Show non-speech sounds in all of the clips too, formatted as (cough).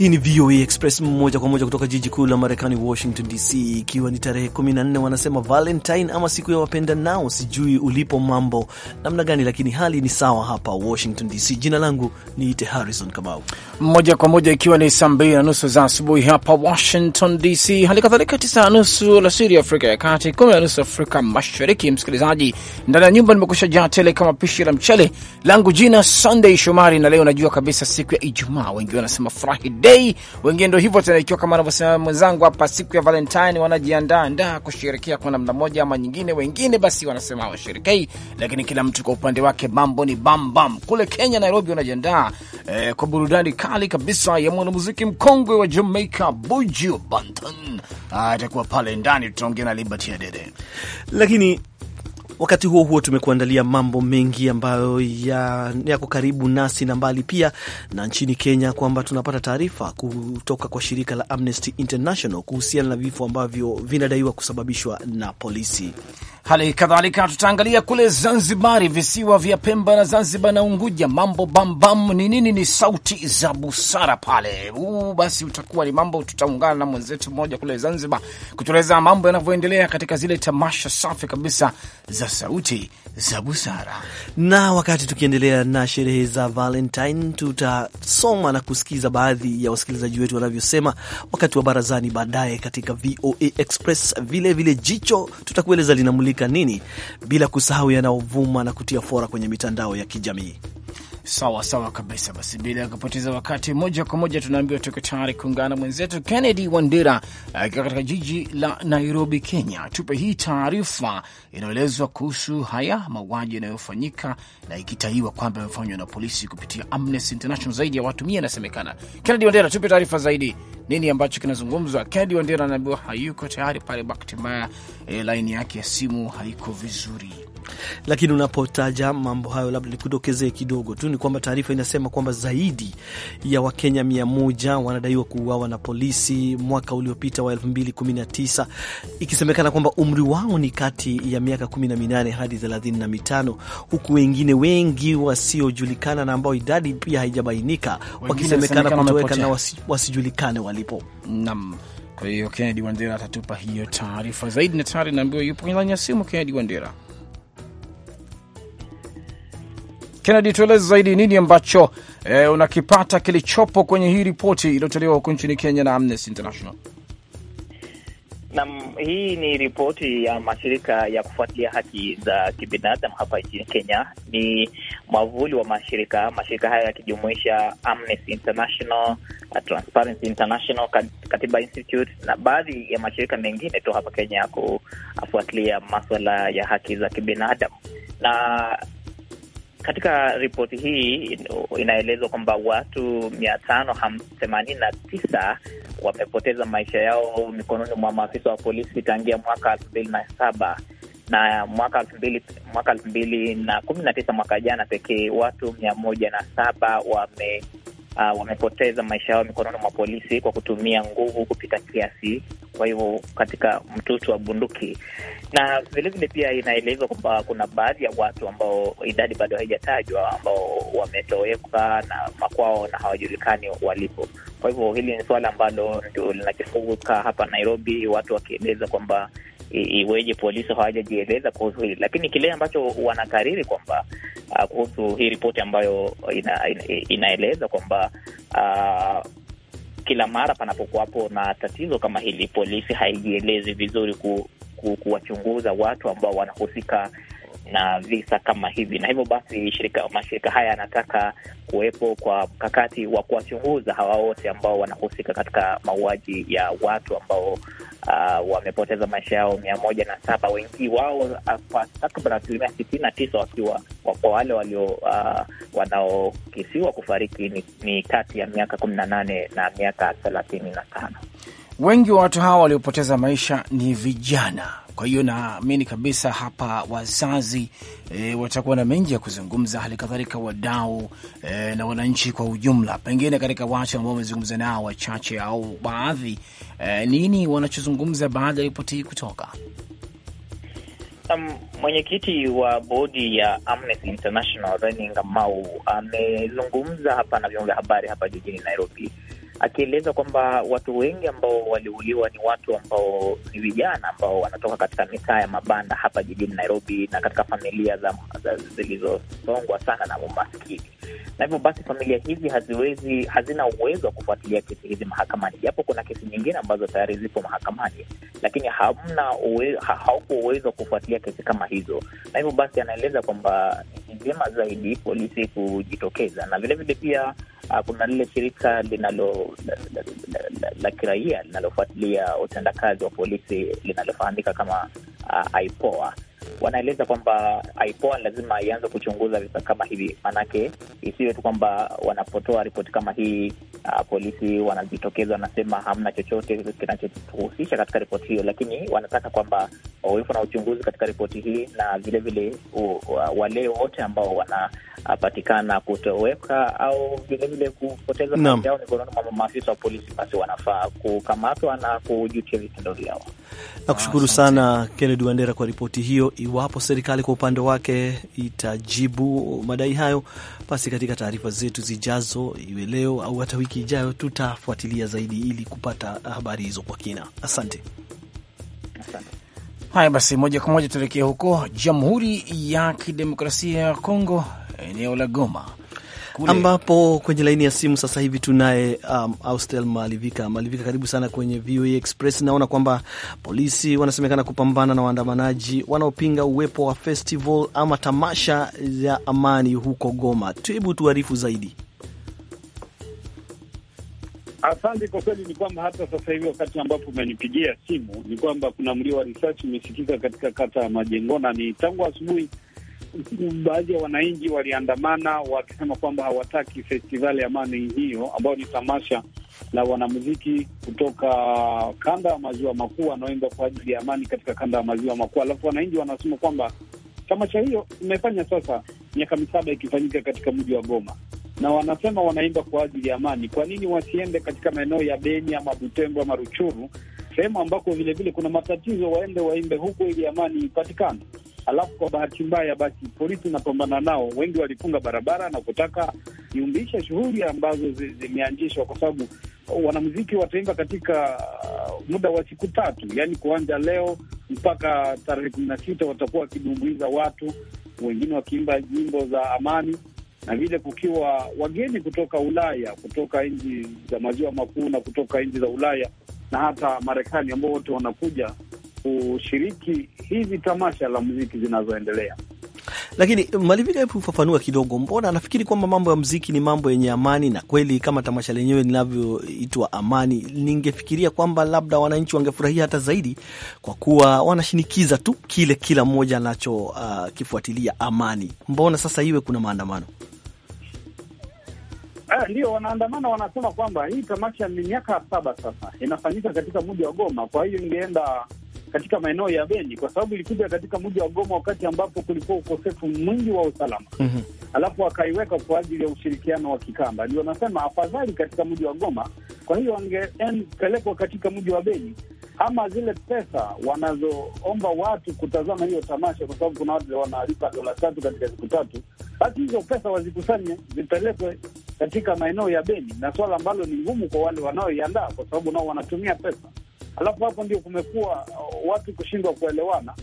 Hii ni VOA Express moja kwa moja kutoka jiji kuu la Marekani, Washington DC, ikiwa ni tarehe 14. Wanasema Valentine ama siku ya wapenda nao. Sijui ulipo mambo namna gani, lakini hali ni sawa hapa Washington DC. Jina langu niite Harrison Kamau, moja kwa moja, ikiwa ni saa mbili na nusu za asubuhi hapa Washington DC, hali kadhalika tisa na nusu alasiri ya Afrika ya Kati, kumi na nusu Afrika Mashariki. Msikilizaji, ndani ya nyumba nimekusha jaa tele kama pishi la mchele langu. Jina Sunday Shomari, na leo najua kabisa siku ya Ijumaa, wengi wanasema furahi Day, wengine ndo hivyo tena, ikiwa kama anavyosema mwenzangu hapa, siku ya Valentine wanajiandaa ndaa kusherekea kwa namna moja ama nyingine, wengine basi wanasema washerekei, lakini kila mtu kwa upande wake mambo ni bam bam. Kule Kenya Nairobi wanajiandaa eh, kwa burudani kali kabisa ya mwanamuziki mkongwe wa Jamaica Buju Banton ah, atakuwa pale ndani, tutaongea na Liberty Adede, lakini Wakati huo huo, tumekuandalia mambo mengi ambayo yako karibu nasi na mbali pia na nchini Kenya, kwamba tunapata taarifa kutoka kwa shirika la Amnesty International kuhusiana na vifo ambavyo vinadaiwa kusababishwa na polisi. Hali kadhalika tutaangalia kule Zanzibari, visiwa vya Pemba na Zanzibar na Unguja, mambo bambam ni nini? Ni sauti za busara pale. Huu basi utakuwa ni mambo, tutaungana na mwenzetu mmoja kule Zanzibar kutueleza mambo yanavyoendelea katika zile tamasha safi kabisa za sauti za busara. Na wakati tukiendelea na sherehe za Valentine, tutasoma na kusikiza baadhi ya wasikilizaji wetu wanavyosema wakati wa barazani baadaye katika VOA Express. Vilevile vile jicho tutakueleza linamulika nini, bila kusahau yanayovuma na kutia fora kwenye mitandao ya kijamii. Sawa sawa kabisa. Basi bila ya kupoteza wakati, moja kwa moja tunaambiwa tuko tayari kuungana mwenzetu Kennedy Wandera akiwa katika jiji la Nairobi, Kenya. Tupe hii taarifa inayoelezwa kuhusu haya mauaji yanayofanyika na ikitaiwa kwamba yamefanywa na polisi kupitia Amnesty International. Zaidi ya watu mia inasemekana. Kennedy Wandera, tupe taarifa zaidi, nini ambacho kinazungumzwa? Kennedy Wandera anaambiwa hayuko tayari pale, bahati mbaya e, eh, laini yake ya simu haiko vizuri. Lakini unapotaja mambo hayo, labda nikudokezee kidogo tu, ni kwamba taarifa inasema kwamba zaidi ya Wakenya mia moja wanadaiwa kuuawa na polisi mwaka uliopita wa 2019 ikisemekana kwamba umri wao ni kati ya miaka 18 hadi 35, huku wengine wengi wasiojulikana na ambao idadi pia haijabainika wakisemekana kutoweka na wasi, wasijulikane walipo. nam Kwa hiyo Kennedy Wandera atatupa hiyo taarifa zaidi, na tayari naambiwa yupo kwenye laini ya simu. Kennedy Wandera. Kennedy, tueleze zaidi nini ambacho eh, unakipata kilichopo kwenye hii ripoti iliyotolewa huko nchini Kenya na Amnesty International. Naam, hii ni ripoti ya mashirika ya kufuatilia haki za kibinadamu hapa nchini Kenya. Ni mwavuli wa mashirika mashirika haya yakijumuisha Amnesty International, uh, Transparency International, Katiba Institute na baadhi ya mashirika mengine tu hapa Kenya kufuatilia maswala ya haki za kibinadamu na katika ripoti hii inaelezwa kwamba watu mia tano themanini na tisa wamepoteza maisha yao mikononi mwa maafisa wa polisi tangia mwaka elfu mbili na saba na mwaka elfu mbili mwaka elfu mbili na kumi na tisa mwaka jana pekee watu mia moja na saba wame Uh, wamepoteza maisha yao mikononi mwa polisi kwa kutumia nguvu kupita kiasi, kwa hivyo katika mtutu wa bunduki, na vilevile pia inaelezwa kwamba kuna baadhi ya watu ambao idadi bado haijatajwa ambao wametoweka na makwao na hawajulikani walipo. Kwa hivyo hili ni suala ambalo ndio linachifuka hapa Nairobi, watu wakieleza kwamba iweje polisi hawajajieleza kuhusu hili, lakini kile ambacho wanakariri kwamba ah, kuhusu hii ripoti ambayo ina, ina, inaeleza kwamba uh, kila mara panapokuwapo na tatizo kama hili, polisi haijielezi vizuri ku, ku, kuwachunguza watu ambao wanahusika na visa kama hivi, na hivyo basi shirika, mashirika haya yanataka kuwepo kwa mkakati wa kuwachunguza hawa wote ambao wanahusika katika mauaji ya watu ambao uh, wamepoteza maisha yao mia moja na saba, wengi wao uh, kwa takriban asilimia sitini na tisa wakiwa kwa wale walio uh, wanaokisiwa kufariki ni, ni kati ya miaka kumi na nane na miaka thelathini na tano. Wengi wa watu hawa waliopoteza maisha ni vijana. Kwa hiyo naamini kabisa hapa wazazi e, watakuwa na mengi ya kuzungumza, hali kadhalika wadau e, na wananchi kwa ujumla. Pengine katika watu ambao wamezungumza nao wachache au baadhi e, nini wanachozungumza baada ya ripoti hii kutoka? Um, mwenyekiti wa bodi ya Amnesty International Renny Ngamau amezungumza hapa na vyombo vya habari hapa jijini Nairobi akieleza kwamba watu wengi ambao waliuliwa ni watu ambao ni vijana ambao wanatoka katika mitaa ya mabanda hapa jijini Nairobi, na katika familia za, za zilizosongwa sana na umaskini, na hivyo basi familia hizi haziwezi, hazina uwezo wa kufuatilia kesi hizi mahakamani, japo kuna kesi nyingine ambazo tayari zipo mahakamani, lakini hamna uwe, ha, haupo uwezo wa kufuatilia kesi kama hizo, na hivyo basi anaeleza kwamba vyema zaidi polisi kujitokeza, na vilevile pia uh, kuna lile shirika linalo la, la, la, la, la kiraia linalofuatilia utendakazi wa polisi linalofahamika kama uh, ah, IPOA wanaeleza kwamba IPOA lazima ianze kuchunguza visa kama hivi, maanake isiwe tu kwamba wanapotoa ripoti kama hii uh, polisi wanajitokeza wanasema hamna chochote kinachohusisha katika ripoti hiyo, lakini wanataka kwamba wawepo na uchunguzi katika ripoti hii na vilevile wale wote ambao wanapatikana kutoweka au vilevile kupoteza maisha yao mikononi mwa maafisa wa polisi, basi wanafaa kukamatwa na kujutia vitendo vyao. Nakushukuru sana Kennedy Wandera kwa ripoti hiyo. Iwapo serikali kwa upande wake itajibu madai hayo, basi katika taarifa zetu zijazo, iwe leo au hata wiki ijayo, tutafuatilia zaidi ili kupata habari hizo kwa kina. Asante, asante. Haya basi, moja kwa moja tuelekee huko Jamhuri ya Kidemokrasia ya Kongo, eneo la Goma ambapo kwenye laini ya simu sasa hivi tunaye um, Austel Malivika. Malivika, karibu sana kwenye VOA e Express. Naona kwamba polisi wanasemekana kupambana na waandamanaji wanaopinga uwepo wa festival ama tamasha ya amani huko Goma. Hebu tuarifu zaidi. Asante. Kwa kweli ni kwamba hata sasa hivi wakati ambapo umenipigia simu ni kwamba kuna mlio wa risasi umesikika katika kata ya Majengo, na ni tangu asubuhi baadhi ya wananchi waliandamana wakisema kwamba hawataki festivali ya amani hiyo, ambayo ni tamasha la wanamuziki kutoka kanda ya maziwa makuu wanaoimba kwa ajili ya amani katika kanda ya maziwa makuu. Alafu wananchi wanasema kwamba tamasha hiyo imefanya sasa miaka misaba ikifanyika katika mji wa Goma, na wanasema wanaimba kwa ajili ya amani. Kwa nini wasiende katika maeneo ya Beni ama Butembo ama Ruchuru, sehemu ambako vilevile kuna matatizo, waende waimbe huko ili amani ipatikane? alafu kwa bahati mbaya basi polisi napambana nao, wengi walifunga barabara na kutaka iumbisha shughuli ambazo zimeanzishwa, kwa sababu uh, wanamuziki wataimba katika uh, muda wa siku tatu, yaani kuanza leo mpaka tarehe kumi na sita watakuwa wakidumbuiza watu, wengine wakiimba nyimbo za amani na vile kukiwa wageni kutoka Ulaya, kutoka nchi za maziwa makuu na kutoka nchi za Ulaya na hata Marekani ambao wote wanakuja kushiriki hizi tamasha la muziki zinazoendelea. Lakini eh, Malivika, hebu ufafanua kidogo, mbona nafikiri kwamba mambo ya muziki ni mambo yenye amani, na kweli kama tamasha lenyewe linavyoitwa Amani, ningefikiria kwamba labda wananchi wangefurahia hata zaidi, kwa kuwa wanashinikiza tu kile kila mmoja anachokifuatilia ah, uh, amani. Mbona sasa iwe kuna maandamano? Ah, ndio wanaandamana, wanasema kwamba hii tamasha ni miaka saba sasa inafanyika katika mji wa Goma, kwa hiyo ingeenda katika maeneo ya Beni, kwa sababu ilikuja katika mji wa Goma wakati ambapo kulikuwa ukosefu mwingi wa usalama mm -hmm. Alafu wakaiweka kwa ajili ya ushirikiano wa kikanda, ndio nasema afadhali katika mji wa Goma. Kwa hiyo wangepelekwa katika mji wa Beni ama zile pesa wanazoomba watu kutazama hiyo tamasha, kwa sababu kuna watu wanalipa dola tatu katika siku tatu, basi hizo pesa wazikusanye zipelekwe katika maeneo ya Beni, na swala ambalo ni ngumu kwa wale wanaoiandaa, kwa sababu nao wanatumia pesa. Alafu hapo ndio kumekuwa uh, watu kushindwa kuelewana,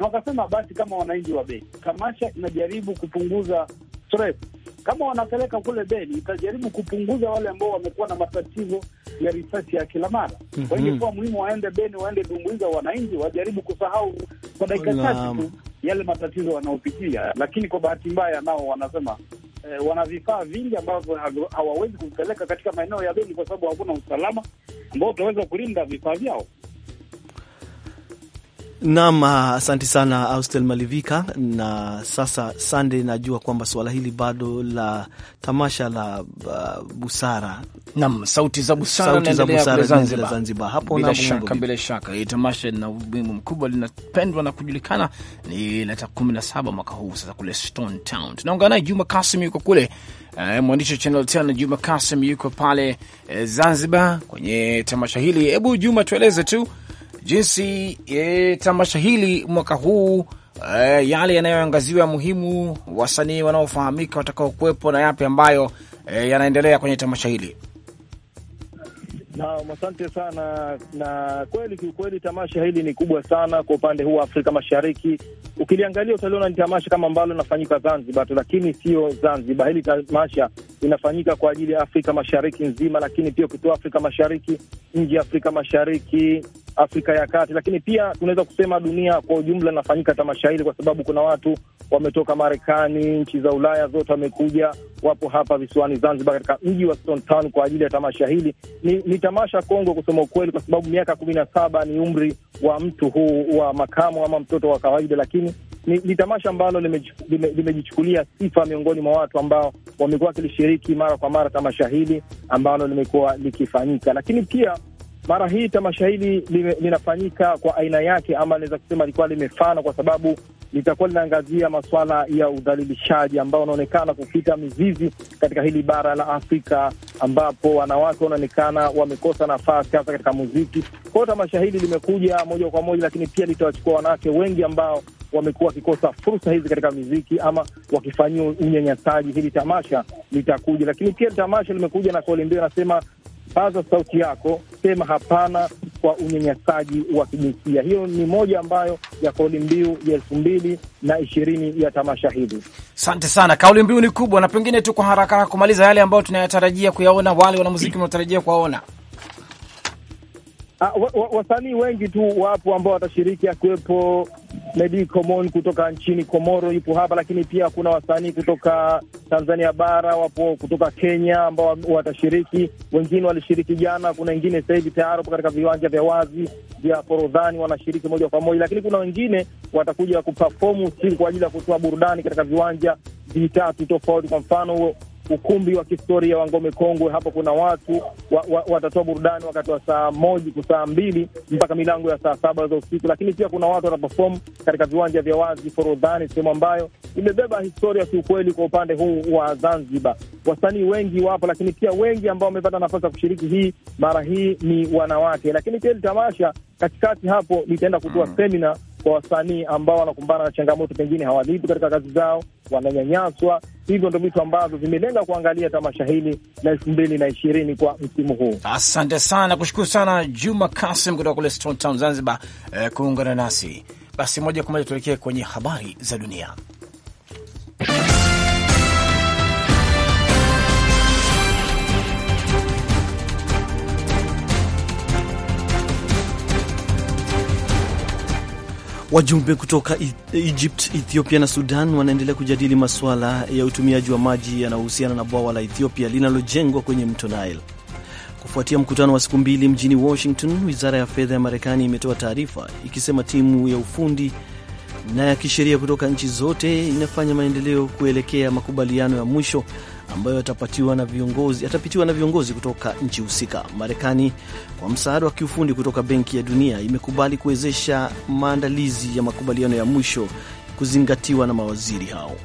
na wakasema basi, kama wananchi wa Beni, tamasha inajaribu kupunguza stress kama wanapeleka kule Beni itajaribu kupunguza wale ambao wamekuwa na matatizo ya risasi ya kila mara. Kwa hiyo mm -hmm. Kwa muhimu waende Beni, waende Dumbuiza, wananchi wajaribu kusahau kwa dakika chache tu yale matatizo wanaopitia, lakini kwa bahati mbaya nao wanasema eh, wana vifaa vingi ambavyo hawawezi kupeleka katika maeneo ya beni kwa sababu hakuna usalama ambao utaweza kulinda vifaa vyao. Naam, ah, asante sana Austel Malivika. Na sasa Sande, najua kwamba suala hili bado la tamasha la uh, busara. nam sauti za busara, sauti za busara Zanzibar, Zanzibar. Hapo bila shaka, bila shaka hii eh, tamasha lina umuhimu mkubwa, linapendwa na kujulikana. Ni la tarehe kumi na saba mwaka huu sasa kule Stone Town. Tunaungana naye Juma Kasim, yuko kule uh, mwandishi wa Channel 10 Juma Kasim yuko pale uh, Zanzibar kwenye tamasha hili. Hebu Juma, tueleze tu jinsi e, tamasha hili mwaka huu e, yale yanayoangaziwa muhimu, wasanii wanaofahamika watakaokuwepo, na yapi ambayo e, yanaendelea kwenye tamasha hili. Naam, asante sana. Na kweli kiukweli, tamasha hili ni kubwa sana kwa upande huu wa Afrika Mashariki. Ukiliangalia utaliona ni tamasha kama ambalo linafanyika Zanzibar tu, lakini sio Zanzibar. Hili tamasha linafanyika kwa ajili ya Afrika Mashariki nzima, lakini pia ukitoa Afrika Mashariki, nje ya Afrika Mashariki, Afrika ya Kati, lakini pia tunaweza kusema dunia kwa ujumla inafanyika tamasha hili, kwa sababu kuna watu wametoka Marekani, nchi za Ulaya zote wamekuja, wapo hapa visiwani Zanzibar, katika mji wa Stone Town kwa ajili ya tamasha hili. Ni, ni tamasha kongwe kusema ukweli, kwa sababu miaka kumi na saba ni umri wa mtu huu wa makamu ama mtoto wa kawaida, lakini ni, ni tamasha ambalo limejichukulia lime, sifa miongoni mwa watu ambao wamekuwa wakilishiriki mara kwa mara tamasha hili ambalo limekuwa likifanyika, lakini pia mara hii tamasha hili linafanyika kwa aina yake, ama naweza kusema likuwa limefana, kwa sababu litakuwa linaangazia masuala ya udhalilishaji ambao wanaonekana kupita mizizi katika hili bara la Afrika, ambapo wanawake wanaonekana wamekosa nafasi hasa katika muziki. Kwa hiyo tamasha hili limekuja moja kwa moja, lakini pia litawachukua wanawake wengi ambao wamekuwa wakikosa fursa hizi katika miziki ama wakifanyiwa unyanyasaji. Hili tamasha litakuja, lakini pia tamasha limekuja na kauli mbiu paza sauti yako, sema hapana kwa unyanyasaji wa kijinsia. Hiyo ni moja ambayo ya kauli mbiu ya elfu mbili na ishirini ya tamasha hili. Asante sana, kauli mbiu ni kubwa, na pengine tu kwa haraka kumaliza yale ambayo tunayatarajia kuyaona, wale wanamuziki wanaotarajia kuwaona Ah, wasanii wengi tu wapo ambao watashiriki, akiwepo Medi Komon kutoka nchini Komoro yupo hapa, lakini pia kuna wasanii kutoka Tanzania bara wapo, kutoka Kenya ambao watashiriki. Wengine walishiriki jana, kuna wengine sasa hivi tayari wapo katika viwanja vya wazi vya Forodhani wanashiriki moja kwa moja, lakini kuna wengine watakuja kupafomu usiku kwa ajili ya kutoa burudani katika viwanja vitatu tofauti. Kwa mfano ukumbi wa kihistoria wa Ngome Kongwe. Hapo kuna watu wa, wa, watatoa burudani wakati wa saa moja saa mbili mpaka milango ya saa saba za usiku, lakini pia kuna watu wataperform katika viwanja vya wazi Forodhani, sehemu ambayo imebeba historia kiukweli. Kwa upande huu wa Zanzibar, wasanii wengi wapo, lakini pia wengi ambao wamepata nafasi ya kushiriki hii mara hii ni wanawake, lakini pia tamasha katikati hapo litaenda kutoa mm. semina kwa wasanii ambao wanakumbana na changamoto, pengine hawalipi katika kazi zao, wananyanyaswa. Hivyo ndo vitu ambavyo vimelenga kuangalia tamasha hili la elfu mbili na ishirini kwa msimu huu. Asante sana, kushukuru sana Juma Kasim kutoka kule Stone Town, Zanzibar, eh, kuungana nasi. Basi moja kwa moja tuelekee kwenye habari za dunia. Wajumbe kutoka Egypt, Ethiopia na Sudan wanaendelea kujadili masuala ya utumiaji wa maji yanayohusiana na bwawa la Ethiopia linalojengwa kwenye mto Nile. Kufuatia mkutano wa siku mbili mjini Washington, wizara ya fedha ya Marekani imetoa taarifa ikisema timu ya ufundi na ya kisheria kutoka nchi zote inafanya maendeleo kuelekea makubaliano ya mwisho ambayo atapatiwa na viongozi, atapitiwa na viongozi kutoka nchi husika. Marekani kwa msaada wa kiufundi kutoka Benki ya Dunia imekubali kuwezesha maandalizi ya makubaliano ya mwisho kuzingatiwa na mawaziri hao.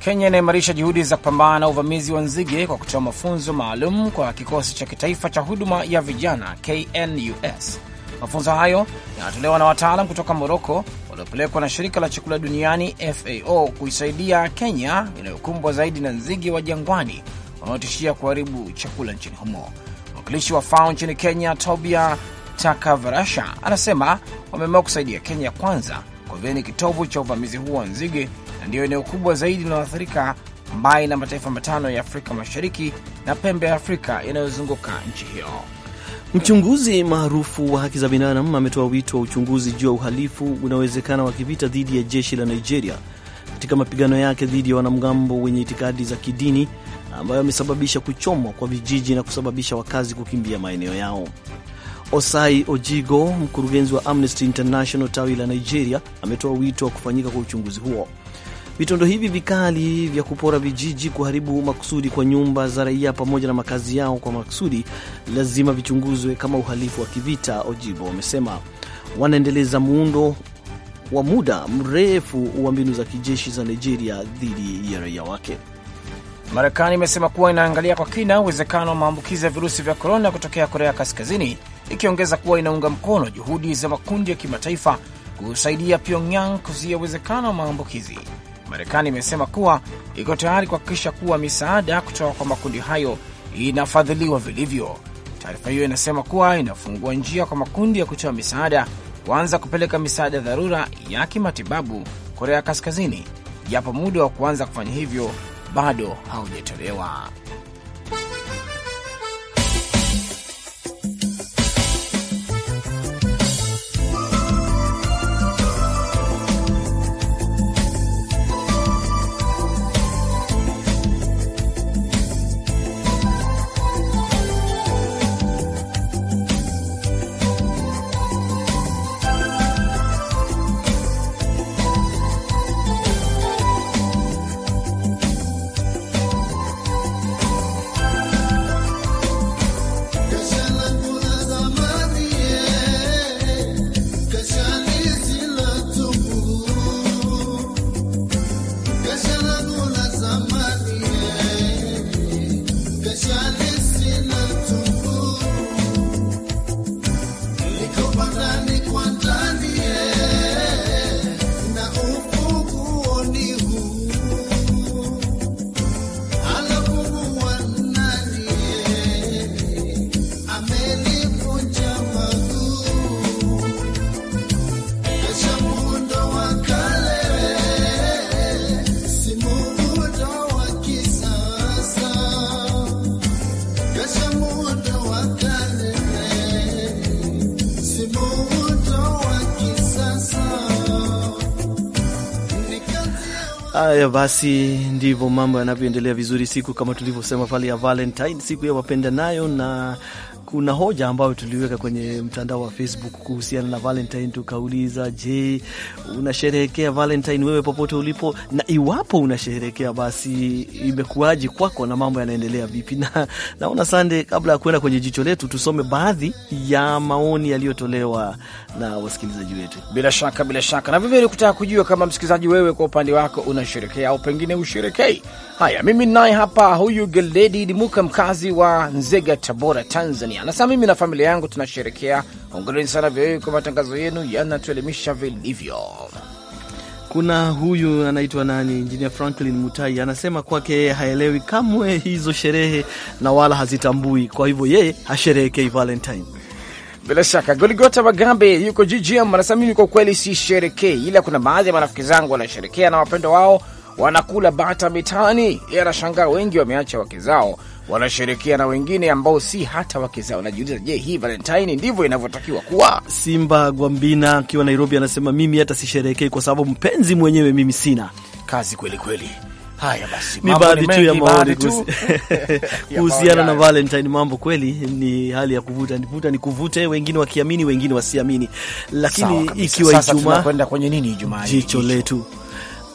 Kenya inaimarisha juhudi za kupambana na uvamizi wa nzige kwa kutoa mafunzo maalum kwa kikosi cha kitaifa cha huduma ya vijana KNUS. Mafunzo hayo yanatolewa na wataalam kutoka Moroko uliopelekwa na shirika la chakula duniani FAO kuisaidia Kenya inayokumbwa zaidi na nzige wa jangwani wanaotishia kuharibu chakula nchini humo. Mwakilishi wa FAO nchini Kenya, Tobia Takavarasha, anasema wameamua kusaidia Kenya kwanza kwa vile ni kitovu cha uvamizi huo wa nzige na ndiyo eneo kubwa zaidi linaloathirika mbali na mataifa matano ya Afrika Mashariki na pembe ya Afrika yanayozunguka nchi hiyo. Mchunguzi maarufu wa haki za binadamu ametoa wito wa uchunguzi juu ya uhalifu unaowezekana wa kivita dhidi ya jeshi la Nigeria katika mapigano yake dhidi ya wanamgambo wenye itikadi za kidini ambayo amesababisha kuchomwa kwa vijiji na kusababisha wakazi kukimbia maeneo yao. Osai Ojigo, mkurugenzi wa Amnesty International tawi la Nigeria, ametoa wito wa kufanyika kwa uchunguzi huo. Vitendo hivi vikali vya kupora vijiji, kuharibu makusudi kwa nyumba za raia pamoja na makazi yao kwa makusudi lazima vichunguzwe kama uhalifu wa kivita, Ojibo wamesema. Wanaendeleza muundo wa muda mrefu wa mbinu za kijeshi za Nigeria dhidi ya raia wake. Marekani imesema kuwa inaangalia kwa kina uwezekano wa maambukizi ya virusi vya korona kutokea Korea Kaskazini, ikiongeza kuwa inaunga mkono juhudi za makundi ya kimataifa kusaidia Pyongyang kuzuia uwezekano wa maambukizi. Marekani imesema kuwa iko tayari kuhakikisha kuwa misaada kutoka kwa makundi hayo inafadhiliwa vilivyo. Taarifa hiyo inasema kuwa inafungua njia kwa makundi ya kutoa misaada kuanza kupeleka misaada dharura ya kimatibabu Korea Kaskazini, japo muda wa kuanza kufanya hivyo bado haujatolewa. Haya basi, ndivyo mambo yanavyoendelea vizuri, siku kama tulivyosema pale ya Valentine, siku ya nayo na kuna hoja ambayo tuliweka kwenye mtandao wa Facebook kuhusiana na Valentine. Tukauliza, je, unasherehekea Valentine wewe popote ulipo? Na iwapo unasherehekea, basi imekuwaji kwako na mambo yanaendelea vipi? (laughs) Na naona Sande, kabla ya kuenda kwenye jicho letu, tusome baadhi ya maoni yaliyotolewa na wasikilizaji wetu. Bila shaka, bila shaka, na vivyo kutaka kujua kama msikilizaji wewe kwa upande wako unasherekea au pengine usherekei Haya, mimi naye hapa huyu Geledi Dimuka, mkazi wa Nzega, Tabora, Tanzania, anasema mimi na familia yangu tunasherekea. Hongereni sana vyowewe kwa matangazo yenu yanatuelimisha vilivyo. Kuna huyu anaitwa nani, Injinia Franklin Mutai, anasema kwake haelewi kamwe hizo sherehe na wala hazitambui, kwa hivyo yeye hasherehekei Valentine. Bila shaka Goligota Magambe yuko GGM anasema mimi kwa kweli sisherekei, ila kuna baadhi ya marafiki zangu wanasherekea na wapendo wao wanakula bata mitaani. Anashangaa wengi wameacha wake zao wanasherekea na wengine ambao si hata wake zao. Najiuliza, je, hii Valentine ndivyo inavyotakiwa kuwa? Simba Gwambina akiwa Nairobi anasema mimi hata sisherekei kwa sababu mpenzi mwenyewe mimi sina kazi kweli kweli. Haya basi, ni baadhi tu ya maoni (laughs) (laughs) kuhusiana na Valentine. Mambo kweli ni hali ya kuvuta nivuta ni kuvute, wengine wakiamini, wengine wasiamini, lakini ikiwa Ijumaa, kwenye nini Ijumaa, jicho letu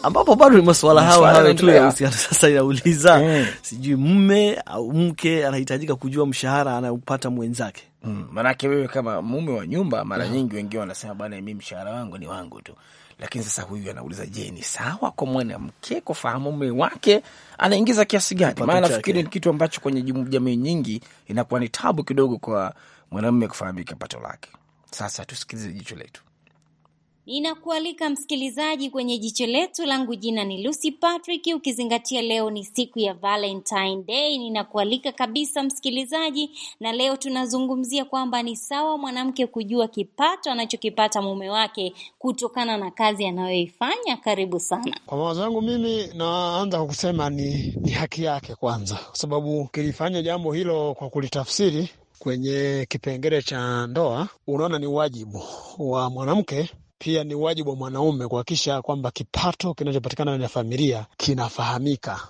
ambapo bado ni masuala hayo hayo tu ya uhusiano. (laughs) Sasa inauliza mm, sijui mme au mke anahitajika kujua mshahara anaopata mwenzake. Maanake Mm, wewe kama mume wa nyumba mara mm, nyingi wengine wanasema bana, mi mshahara wangu ni wangu tu, lakini sasa huyu anauliza, je, ni sawa kwa mwanamke kufahamu mume wake anaingiza kiasi gani? Maana nafikiri ni kitu ambacho kwenye jamii nyingi inakuwa ni tabu kidogo kwa mwanamume kufahamika pato lake. Sasa tusikilize jicho letu. Ninakualika msikilizaji kwenye jicho letu, langu jina ni Lucy Patrick. Ukizingatia leo ni siku ya Valentine Day, ninakualika kabisa msikilizaji, na leo tunazungumzia kwamba ni sawa mwanamke kujua kipato anachokipata mume wake kutokana na kazi anayoifanya. Karibu sana. Kwa mawazo yangu mimi, naanza kwa kusema ni, ni haki yake kwanza, kwa sababu ukilifanya jambo hilo kwa kulitafsiri kwenye kipengele cha ndoa, unaona ni wajibu wa mwanamke pia ni wajibu wa mwanaume kuhakikisha kwamba kipato kinachopatikana na familia kinafahamika.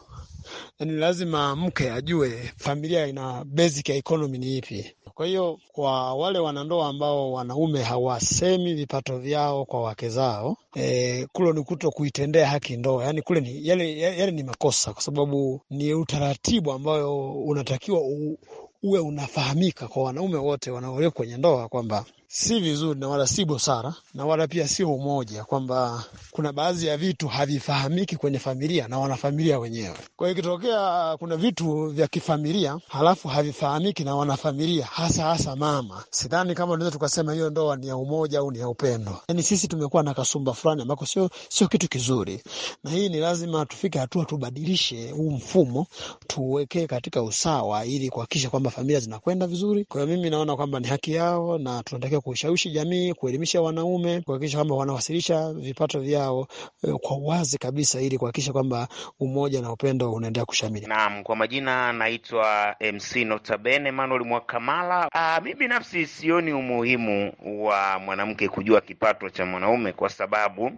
yani lazima mke ajue familia ina basic ya economy ni ipi. Kwa hiyo kwa wale wanandoa ambao wanaume hawasemi vipato vyao kwa wake zao, e, kulo ni kuto kuitendea haki ndoa, yani kule ni yale, yaani, yale yaani ni makosa, kwa sababu ni utaratibu ambayo unatakiwa u, uwe unafahamika kwa wanaume wote wanaolewa kwenye ndoa kwamba si vizuri na wala si busara na wala pia si umoja, kwamba kuna baadhi ya vitu havifahamiki kwenye familia na wanafamilia wenyewe. Kwa hiyo ikitokea kuna vitu vya kifamilia halafu havifahamiki na wanafamilia, hasa hasa mama, sidhani kama tunaweza tukasema hiyo ndoa ni ya umoja au ni ya upendo. Yani sisi tumekuwa na kasumba fulani ambako sio, sio kitu kizuri, na hii ni lazima tufike hatua tubadilishe huu mfumo, tuwekee katika usawa ili kuhakikisha kwamba familia zinakwenda vizuri. Kwa hiyo mimi naona kwamba ni haki yao na tunatakiwa kuja kushawishi jamii, kuelimisha wanaume, kuhakikisha kwamba wanawasilisha vipato vyao eh, kwa wazi kabisa, ili kuhakikisha kwamba umoja na upendo unaendelea kushamili. Naam, kwa majina naitwa MC Notaben Manuel Mwakamala. Ah, mi binafsi sioni umuhimu wa mwanamke kujua kipato cha mwanaume kwa sababu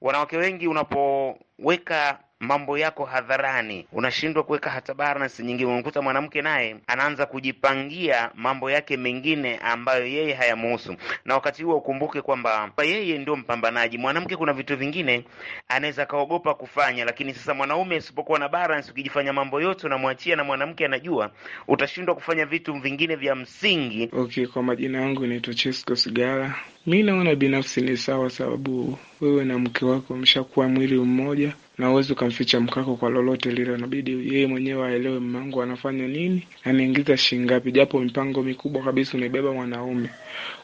wanawake wengi unapoweka mambo yako hadharani, unashindwa kuweka hata balance nyingine. Unakuta mwanamke naye anaanza kujipangia mambo yake mengine ambayo yeye hayamuhusu, na wakati huo ukumbuke kwamba yeye ndio mpambanaji. Mwanamke kuna vitu vingine anaweza akaogopa kufanya, lakini sasa mwanaume usipokuwa na balance, ukijifanya mambo yote unamwachia na mwanamke anajua, utashindwa kufanya vitu vingine vya msingi. Okay, kwa majina yangu inaitwa Chesco Sigara. Mi naona binafsi ni sawa, sababu wewe na mke wako mshakuwa mwili mmoja na uwezi ukamficha mkako kwa lolote lile, inabidi yeye mwenyewe aelewe mmangu anafanya nini, anaingiza shilingi ngapi. Japo mipango mikubwa kabisa unaibeba mwanaume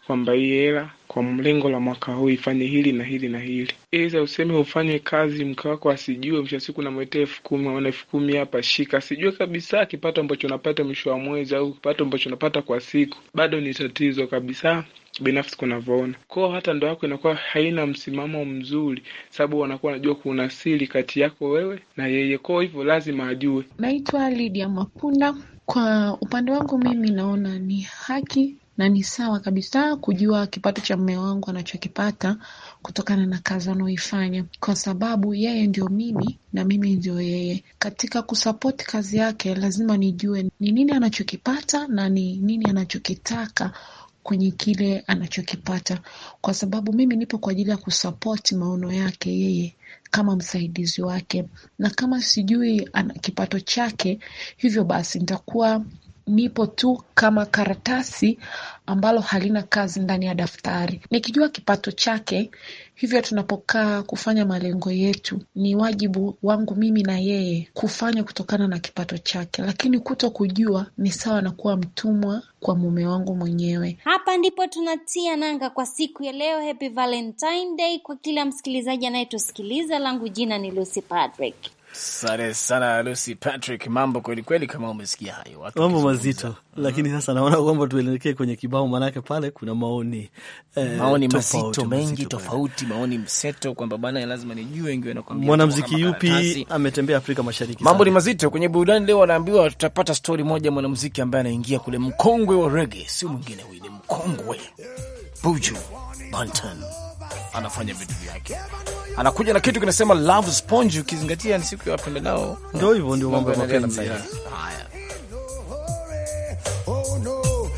kwamba hii hela kwa mlengo la mwaka huu ifanye hili na hili na hili. Iza useme ufanye kazi mke wako asijue, mwisho siku namletea elfu kumi aona elfu kumi hapa shika, asijue kabisa kipato ambacho unapata mwisho wa mwezi au kipato ambacho unapata kwa siku, bado ni tatizo kabisa binafsi kunavyoona kwao, hata ndoa yako inakuwa haina msimamo mzuri, sababu wanakuwa wanajua kuna siri kati yako wewe na yeye, kwao hivyo lazima ajue. Naitwa Lydia Mapunda. Kwa upande wangu mimi naona ni haki na ni sawa kabisa kujua kipato cha mume wangu anachokipata kutokana na kazi anaoifanya, kwa sababu yeye ndio mimi na mimi ndio yeye. Katika kusapoti kazi yake, lazima nijue ni nini anachokipata na ni nini anachokitaka kwenye kile anachokipata, kwa sababu mimi nipo kwa ajili ya kusapoti maono yake yeye kama msaidizi wake, na kama sijui ana kipato chake, hivyo basi nitakuwa nipo tu kama karatasi ambalo halina kazi ndani ya daftari, nikijua kipato chake. Hivyo tunapokaa kufanya malengo yetu, ni wajibu wangu mimi na yeye kufanya kutokana na kipato chake, lakini kuto kujua ni sawa na kuwa mtumwa kwa mume wangu mwenyewe. Hapa ndipo tunatia nanga kwa siku ya leo. Happy Valentine Day kwa kila msikilizaji anayetusikiliza. Langu jina ni Lucy Patrick. Sare sana Lucy Patrick, mambo kweli kweli, kama umesikia hayo mambo mazito mm. Lakini sasa naona kwamba tuelekee kwenye kibao, maanake pale kuna maoni eh, maoni mazito mengi tofauti, maoni mseto kwamba bana, lazima nijue wengi nakwambia, mwanamuziki yupi ametembea Afrika Mashariki. Mambo ni mazito kwenye burudani leo, wanaambiwa tutapata stori moja, mwanamuziki ambaye anaingia kule, mkongwe wa rege, sio mwingine huyu, ni mkongwe Buju Banton anafanya vitu vyake, anakuja na kitu kinasema love sponge. Ukizingatia ni siku ya nao ndio hivyo, ndio mambo yanaendelea namna hiyo. Haya. Oh, oh,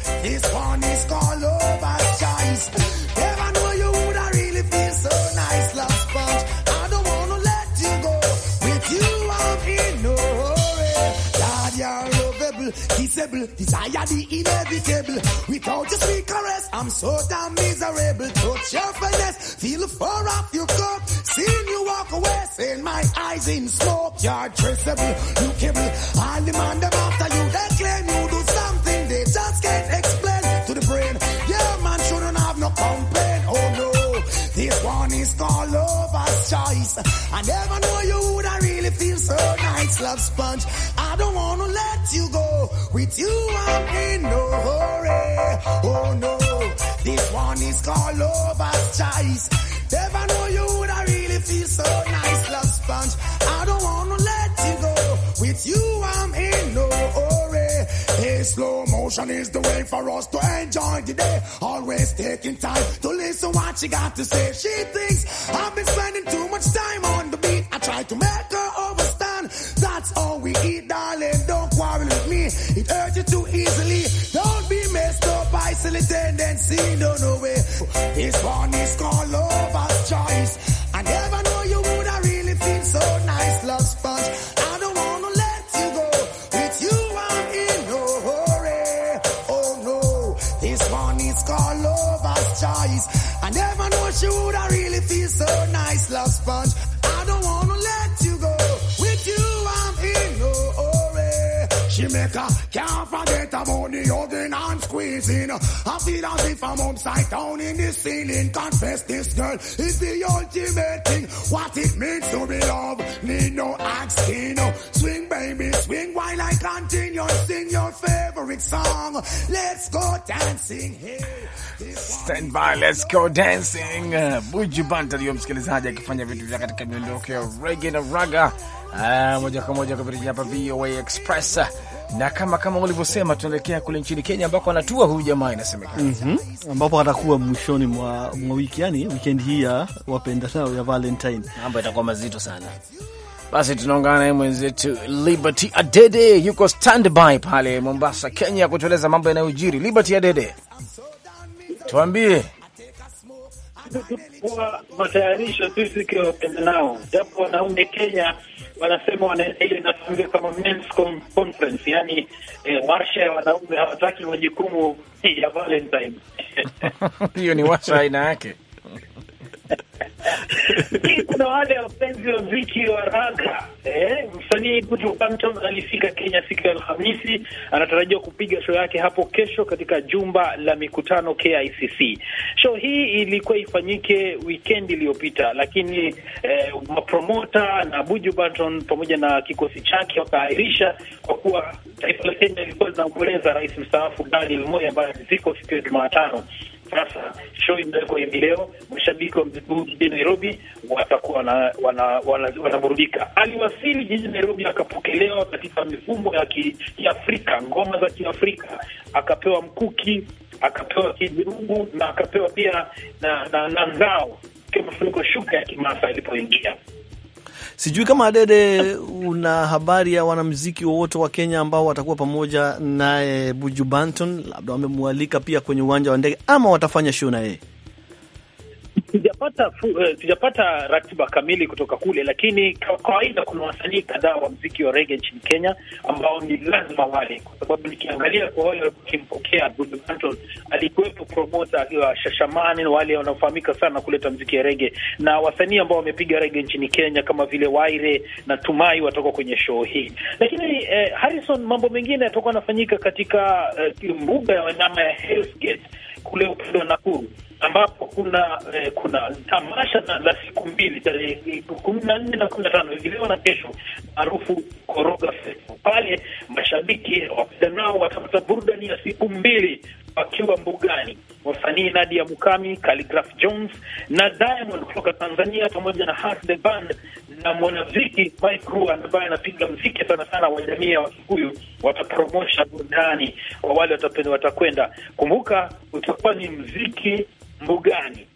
Desire the inevitable. Without your sweet caress, I'm so damn miserable. Touch your finesse, feel far off your coat. Seeing you walk away, seeing my eyes in smoke. You're traceable, you cable. I'll demand them after you. They claim you do something they just can't explain to the brain. Yeah, man shouldn't have no complaint. Oh no, this one is called love choice. I never know you would I oh, really feel so nice, love sponge. I don't wanna let you go. With you I'm in no hurry. Oh no, this one is called lover's choice. Never know you would I really feel so nice, love sponge. I don't wanna let you go. With you I'm in no hurry slow motion is the way for us to enjoy the day. Always taking time to listen what she got to say. She thinks I've been spending too much time on the beat. I try to make her understand. That's all we eat, darling. Don't quarrel with me. It hurts you too easily. Don't be messed up by silly tendency. No, no way. This one is called lover's choice. I never know you would have really feel so nice, love. better. Can't forget about the hugging and squeezing. I feel as if I'm upside down in the ceiling. Confess this girl is the ultimate thing. What it means to be loved, need no asking. Swing, baby, swing while I continue. Sing your favorite song. Let's go dancing. Hey, stand by, let's go dancing. Buju Banter, huyo msikilizaji akifanya vitu vya katika miondoko ya reggae na raga. Ah, moja kwa moja kupitia hapa VOA Express. na kama kama ulivyosema, tunaelekea kule nchini Kenya ambako anatua huyu jamaa inasemekana, mm -hmm. ambapo atakuwa mwishoni mwa, mwa wiki, yani wikendi hii ya wapendanao ya Valentine, mambo itakuwa mazito sana. Basi tunaungana naye mwenzetu Liberty Adede yuko standby pale Mombasa, Kenya, kutueleza mambo yanayojiri. Liberty Adede, tuambie tukuwa matayarisho sisi kiwapenda nao, japo wanaume Kenya wanasema wanaenda ile inafahamika kama men's conference, yani eh, warsha ya wanaume, hawataki majukumu ya Valentine. (laughs) Hiyo ni warsha aina yake kuna wale wapenzi wa mziki wa raga eh, msanii Kutu Bantam alifika Kenya siku ya Alhamisi. Anatarajiwa kupiga show yake hapo kesho katika jumba la mikutano KICC. Show hii ilikuwa ifanyike wikendi iliyopita, lakini eh, mapromota na Buju Banton pamoja na kikosi chake wakaahirisha kwa kuwa taifa la Kenya lilikuwa linaomboleza rais mstaafu Daniel Moi ambaye ziko siku ya Jumatano. Sasa show imewekwa hivi leo, mashabiki wa mziki jiji jijini Nairobi watakuwa wanaburudika. Wana, wana aliwasili jijini Nairobi akapokelewa katika mifumo ya Kiafrika, ngoma za Kiafrika, akapewa mkuki, akapewa kijirugu na akapewa pia na, na, na ngao kama fuliko shuka ya kimasa alipoingia. Sijui kama Dede, una habari ya wanamuziki wowote wa Kenya ambao watakuwa pamoja naye Buju Banton, labda wamemwalika pia kwenye uwanja wa ndege ama watafanya show na yeye? Sijapata uh, eh, sijapata ratiba kamili kutoka kule, lakini kwa kawaida kuna wasanii kadhaa wa mziki wa rege nchini Kenya ambao ni lazima wale, kwa sababu nikiangalia kwa wale wakimpokea alikuwepo promota wa Shashamani, wale wanaofahamika sana kuleta mziki ya rege, na wasanii ambao wamepiga rege nchini Kenya kama vile Waire na Tumai watoka kwenye show hii. Lakini eh, Harrison, mambo mengine yatakuwa yanafanyika katika eh, mbuga ya wanyama ya Hell's Gate kule upande wa Nakuru ambapo kuna eh, kuna tamasha la siku mbili tarehe kumi na nne na kumi na tano hivi leo na kesho, maarufu Koroga Festival. Pale mashabiki wapiganao watapata burudani ya siku mbili wakiwa mbugani. Wasanii Nadia Mukami, Khaligraph Jones na Diamond kutoka Tanzania pamoja na Has the Band na mwanamuziki Mike Rua ambaye anapiga mziki sana sana wa jamii ya Wakikuyu watapromosha burudani kwa wale watakwenda. Kumbuka utakuwa ni mziki mbugani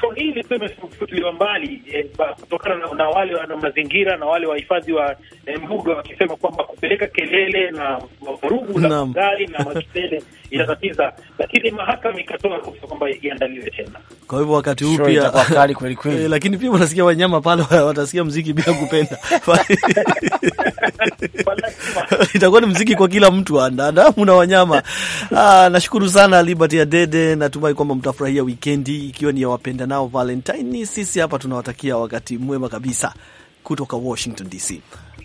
So hili tu imefutiliwa mbali eh, kutokana na, na wale wana mazingira na wale wahifadhi wa eh, mbuga wakisema kwamba kupeleka kelele na vurugu za magari na makelele inatatiza, lakini mahakama ikatoa ruhusa kwamba iandaliwe tena. Kwa hivyo wakati huu pia kali (laughs) kweli kweli, eh, lakini pia unasikia wanyama pale watasikia mziki bila kupenda (laughs) (laughs) itakuwa ni mziki kwa kila mtu, wanadamu ah, na wanyama. Ah, nashukuru sana Liberty ya Dede, natumai kwamba mtafurahia wikendi ikiwa ni ya wapenda nao Valentine. Sisi hapa tunawatakia wakati mwema kabisa kutoka Washington DC.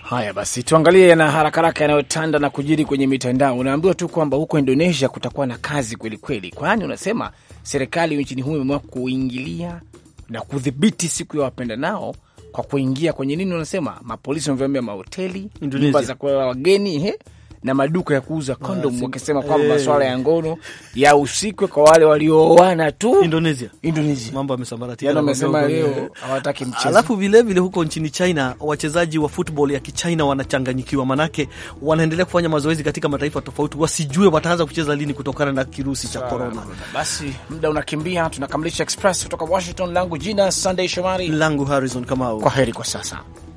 Haya basi, tuangalie na haraka haraka yanayotanda na kujiri kwenye mitandao. Unaambiwa tu kwamba huko Indonesia kutakuwa na kazi kwelikweli, kwani unasema serikali nchini humo imeamua kuingilia na kudhibiti siku ya nao kwa kuingia kwenye nini, unasema mapolisi wamevamia mahoteli, nyumba za kulala wageni, he na maduka ya kuuza kondom wakisema kwamba hey, eh. masuala ya ngono ya usikwe kwa wale waliooana tu. Indonesia, Indonesia mambo yamesambaratika, yaani wamesema leo hawataki mchezo. Alafu vile vile huko nchini China wachezaji wa football ya kichina wanachanganyikiwa, manake wanaendelea kufanya mazoezi katika mataifa tofauti, wasijue wataanza kucheza lini kutokana na kirusi cha corona. Basi muda unakimbia, tunakamilisha Express kutoka Washington. Langu jina Sunday Shomari, langu Harrison Kamau. Kwa heri kwa sasa.